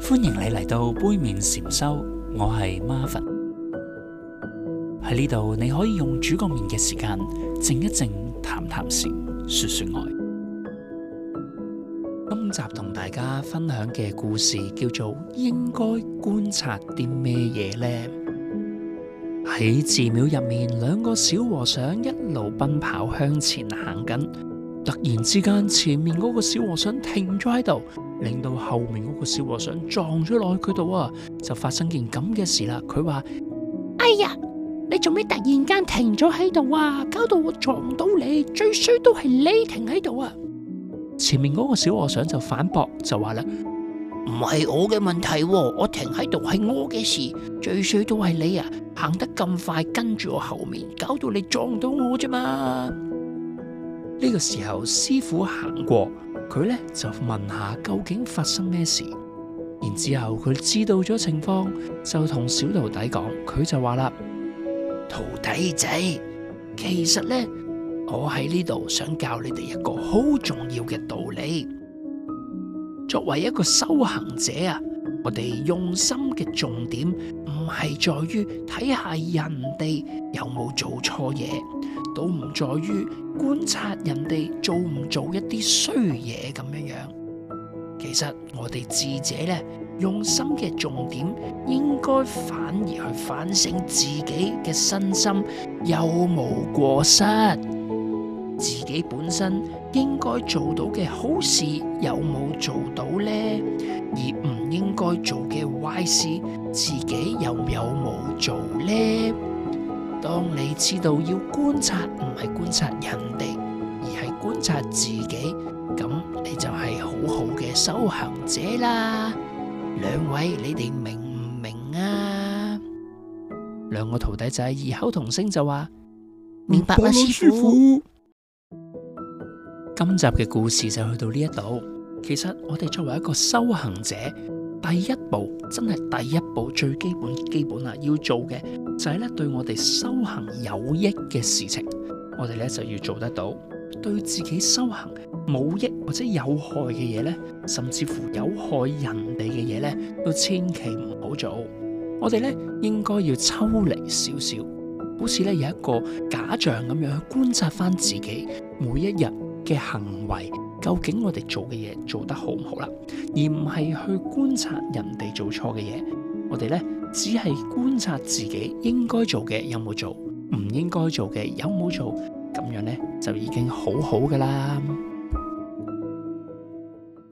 歡迎你嚟到杯麵禪修，我係 Marvin。喺呢度，你可以用煮個麵嘅時間靜一靜，談談禪，說說愛。今集同大家分享嘅故事叫做應該觀察啲咩嘢呢？喺寺廟入面，兩個小和尚一路奔跑向前行緊。突然之間，前面嗰個小和尚停咗喺度，令到後面嗰個小和尚撞咗落去佢度啊，就發生件咁嘅事啦。佢話：哎呀，你做咩突然間停咗喺度啊？搞到我撞到你，最衰都係你停喺度啊！前面嗰個小和尚就反駁，就話啦：唔係我嘅問題啊，我停喺度係我嘅事，最衰都係你啊！行得咁快，跟住我後面，搞到你撞到我啫嘛啊。呢個時候師父行過，佢呢就問下究竟發生咩事，然之後佢知道咗情況，就同小徒弟講，佢就話啦：徒弟仔，其實呢我喺呢度想教你哋一個好重要嘅道理，作為一個修行者啊。我哋用心嘅重點唔係在於睇下人哋有冇做錯嘢，都唔在於觀察人哋做唔做一啲衰嘢咁樣樣。其實我哋智者呢，用心嘅重點應該反而去反省自己嘅身心有冇過失，自己本身應該做到嘅好事有冇做到呢？而。該做嘅壞事，自己又有冇做呢？當你知道要觀察唔係觀察人哋，而係觀察自己，咁你就係好好嘅修行者啦。兩位，你哋明唔明啊？兩個徒弟仔異口同聲就話：明白啦，師傅。今集嘅故事就去到呢一度。其實我哋作為一個修行者。第一步真係第一步最基本基本啦，要做嘅就係咧對我哋修行有益嘅事情，我哋咧就要做得到。對自己修行冇益或者有害嘅嘢咧，甚至乎有害人哋嘅嘢咧，都千祈唔好做。我哋咧應該要抽離少少，好似咧有一個假象咁樣去觀察翻自己每一日嘅行為。究竟我哋做嘅嘢做得好唔好啦？而唔係去觀察人哋做錯嘅嘢，我哋咧只係觀察自己應該做嘅有冇做，唔應該做嘅有冇做，咁樣咧就已經好好噶啦。